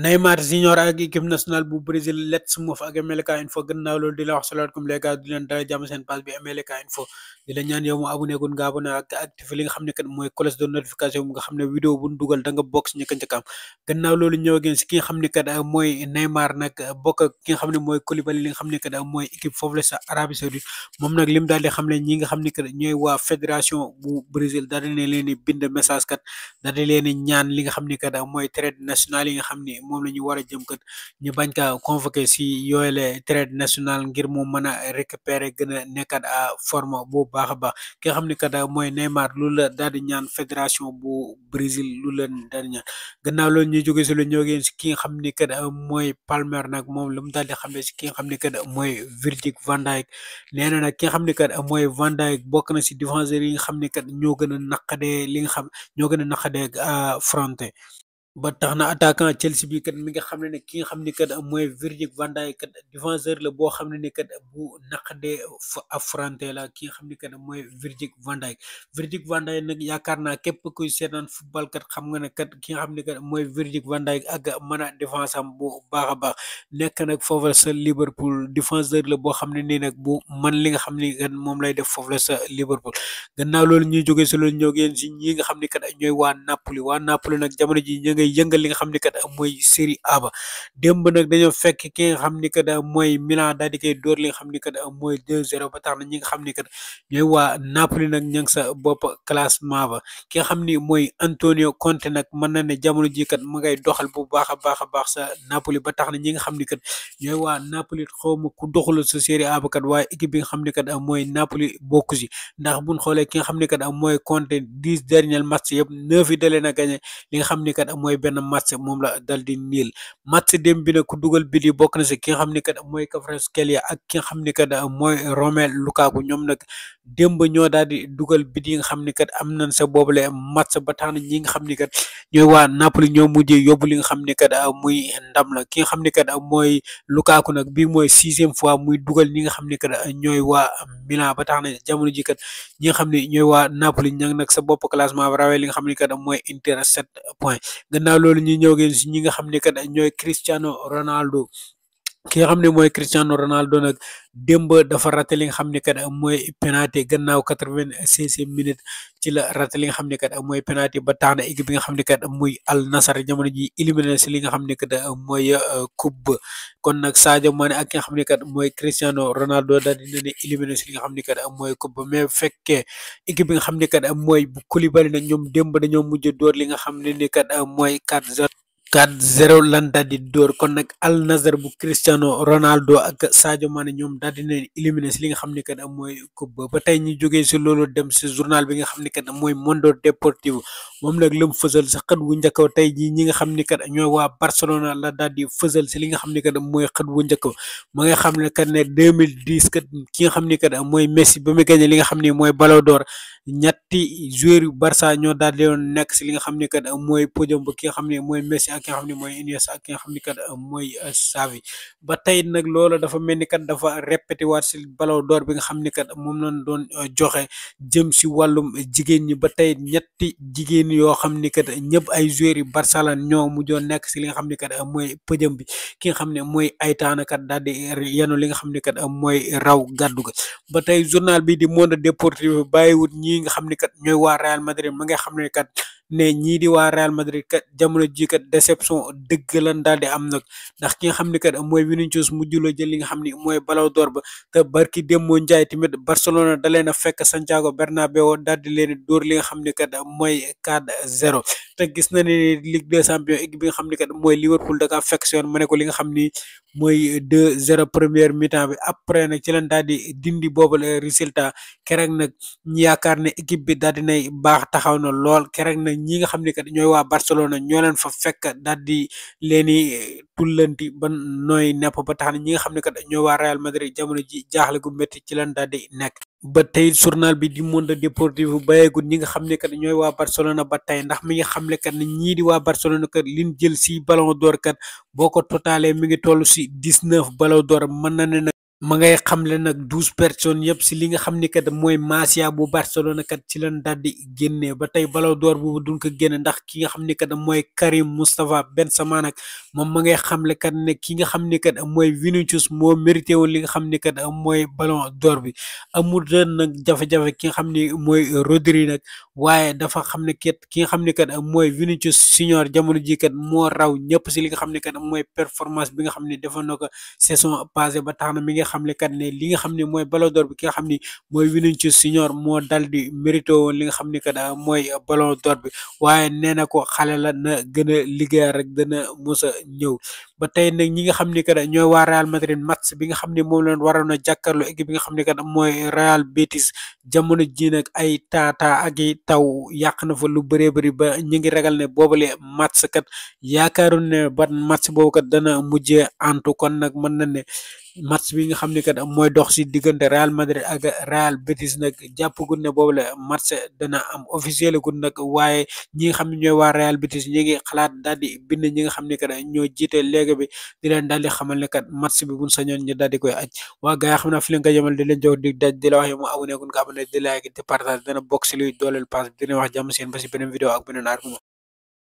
Neymar Junior ak équipe nationale bu Brésil Let's Move ak MLK Info gannaaw loolu di la wax salaamaaleykum les gars di leen dalal jàmm seen page bi MLK di la ñaan yow mu abonné gun nga abonné li xam ne kat mooy cloche de notification bi nga xam ne vidéo bu ñu dugal da si ñëkk njëkkaam gannaaw loolu ñëw ngeen si ki xam ni kat mooy Neymar nag bokk ki xam ne mooy Koulibaly li xam ne kat mooy équipe foofu la sa Arabie Saoudite moom nag lim daal li nga xam ne kat mooy trade national yi nga ne moom la ñu war a jëm kat ñu bañ kaa convoqué si yooyule traite nationale ngir mu mën a récupérer gën a nekkat a forme bu baax a baax ki nga xam ne kat mooy Neymar lu la daal di ñaan fédération bu Brésil lu la daal di ñaan gannaaw loolu ñu jóge si lu ñoo ki nga xam ni kat mooy Palmer nag moom lu mu daal di xamee ki nga xam ni kat mooy Virgil van Dijk nee na nag ki nga xam ni kat mooy Van Dijk bokk na si défenseur yi nga xam ni kat ñoo gën a naqadee li nga xam ñoo gën a naqadee affronté ba tax na attaquant Chelsea bi kat mi nga xam ni boo xam ne ni kat bu naqadee affronté la ki nga xam ni kat mooy Virgil van Dijk Virgil van Dijk nag naa képp kuy seetaan football kat xam nga ne kat ki nga xam ni kat mooy Virgil van a défense am bu baax a baax nekk nag foofu la sa Liverpool défenseur la boo xam ne nii nag bu man li nga xam ni kat moom lay def foofu la sa Liverpool gannaaw loolu ñuy jógee si loolu ñoo ngi ni kat ñooy waa Napoli waa Napoli nag jamono ji ñu ngay yëngal li nga xam a kat mooy série A ba démb nag dañoo fekk ki nga xam ni kat mooy Milan daal di koy dóor li nga xam ni kat mooy 2 ba tax na ñi kat ñooy waa Napoli nag ña sa bopp classement ba ki nga xam ni mooy Antonio Conte nag mën na ne jamono ji kat ma ngay doxal bu baax a baax a baax sa Napoli ba tax na ñi nga kat ñooy waa Napoli xaw ma sa série A kat waaye équipe bi nga xam ni Napoli bokku si ndax buñ xoolee ki kat mooy Conte dix dernier match mooy benn match moom la dal di niil dém dem bi nag ku dugal bi di bokk na si ki nga xam ni kat mooy Kvaratskhelia ak ki nga xam ni kat mooy Romelu Lukaku ñoom nag démb ñoo daal di dugal bi di nga xam ni kat am nañ sa boobule match ba tax na ñi nga xam ni kat ñooy waa Napoli ñoo mujjee yóbbu li nga xam ne kat euh, muy ndam la ki nga xam ne kat euh, mooy Lukaku nag bii mooy sixième fois muy dugal ñi nga xam ne kat euh, ñooy waa Milan ba tax na jamono ji kat ñi nga xam ne ñooy waa Napoli ñang nag sa bopp classement rawee li nga xam ne kat mooy Inter sept points gannaaw loolu ñu ñëw ngeen si nga xam ne kat ñooy Cristiano Ronaldo ki nga xam ne mooy Cristiano Ronaldo nag démb dafa raté li nga xam ne kat mooy penalty gannaaw quatre-vingt-cinquième minute ci la raté li nga xam ne kat mooy penalty ba tax na bi nga xam ne kat muy ji euh, éliminé si li nga xam ne kat mooy coupe kon nag Sadio Mané ak ki nga xam ni kat mooy Cristiano Ronaldo daal di nga xam ne kat mooy coupe mais bu fekkee équipe bi nga xam ne kat mooy bu Koulibaly nag ñoom démb dañoo mujj dóor li nga xam ne ni kat mooy 4-0. 4-0 lan daal di kon nag Al Nassr bu Cristiano Ronaldo ak Sadio ñoom daal di leen si li nga xam ne kat mooy coupe ba tey ñu jógee si loolu dem si journal bi nga xam ne kat mooy Mundo Deportivo moom nag la mu fësal sa xët wu njëkk tey jii ñi nga xam ne kat ñooy waa Barcelona la daal di si li nga xam ne kat mooy xët wu njëkk ma nga xam ne kat ne 2010 kat ki nga xam ne kat mooy Messi ba mu li nga xam ne mooy Ballon ñetti joueur yu Barça ñoo daal nekk si li nga ak ki nga xam ne mooy Iniesta ak ki euh, euh, ba tey nag loola dafa mel ni kat dafa répété waat si Ballon door bi nga xam ni kat moom na doon euh, joxe jëm si wàllum jigéen ñi ba tey ñetti jigéen yoo xam ni kat ñëpp ay joueurs yi Barça la ñoo mujjoon nekk si li nga xam ni kat mooy pëjëm bi ki nga xam ne mooy Aitana kat daal di yenu li nga xam ni kat mooy raw gàddu ga ba tey journal bi di Mundo Deportivo bàyyiwut ñi nga xam ni kat ñooy waa Real Madrid ma nga xam ne kat ne ñii di waa Real Madrid kat jamono ji kat déception dëgg lan daal di am nag ndax ki nga xam ne kat mooy Vinicius mujj la jël li nga xam ni mooy Ballon d'Or ba te barki Demba Ndiaye tamit Barcelona da leen a fekk Santiago Bernabéu daal di leen dóor li nga xam ne kat mooy 4-0 te gis na ne Ligue des Champions équipe bi nga xam ni kat mooy Liverpool da kaa fekk si ma ne ko li nga xam ni mooy 2-0 première mi-temps bi après na ci leen daal di dindi boobu résultat keroog nag yaakaar ne équipe bi daal di baax taxaw na lool nag. ñi nga xam ne kat ñooy waa Barcelona ñoo leen fa fekk daal di leeni eh, tullanti ba nooy nepp ba tax na ñi nga xam ne kat ñooy waa Real Madrid jamono ji jaaxle gu métti ci leen daal di nekk. ba tey journal bi di Mundo Deportivo bayeegul ñi nga xam ne kat ñooy waa Barcelona ba tey ndax mi nga xam ne kat ñii di waa Barcelona kat liñ jël si Ballon d'Or kat boo ko totalee mi ngi toll si dix neuf Ballon d'Or mën na ne. ma ngay xamle nag douze personnes yëpp si li nga xam ni kat mooy Masia bu Barcelona kat ci lañ daal di génnee ba tey Ballon door boobu duñ ko ndax ki nga xam ni kat mooy Karim Moustapha Benzema nag moom ma ngay xamle kat ne ki nga xam ni kat mooy Vinicius moo mérité woon li nga xam ni kat mooy balon door bi amul ren nag jafe-jafe ki nga xam ni mooy Rodri nag. waaye dafa xam ne kat ki nga xam ne kat mooy Vinicius Junior jamono ji kat moo raw ñëpp si li nga xam ne kat mooy performance bi nga xam ne defoon na ko saison passée ba tax na mi nga xam ne kat ne li nga xam ne mooy Ballon d'Or bi ki nga xam ne mooy Vinicius Junior moo dal di mérité li nga xam ne kat mooy Ballon d'Or bi waaye nee na ko xale la na gën a liggéey rek dana mos a ñëw ba tey nag ñi nga xam ni que ñooy waa Real Madrid match bi nga xam ne moom leen waroon a jàkkaarloo équipe bi nga xam ne que mooy Real Betis jamono ji nag ay taataa ak i taw yàq na fa lu bëree bëri ba ñu ngi ragal ne boobale match kat yaakaaroon ne ba match boobu kat dana mujjee antu kon nag mën na ne match bi nga xam ne kat mooy dox si diggante Real Madrid ak Real Betis nag jàpp gun ne boobu la match dana am officiel gun nag waaye ñi nga xam ne ñooy waa Real Betis ñi ngi xalaat daal di bind ñi nga xam ne kat ñoo jiite léegi bi di leen daal di xamal ne kat match bi buñ sañoon ñu daal koy aj waa gars yi xam naa fi leen ko jëmal di leen jox dig si luy dooleel pass bi dina wax jàmm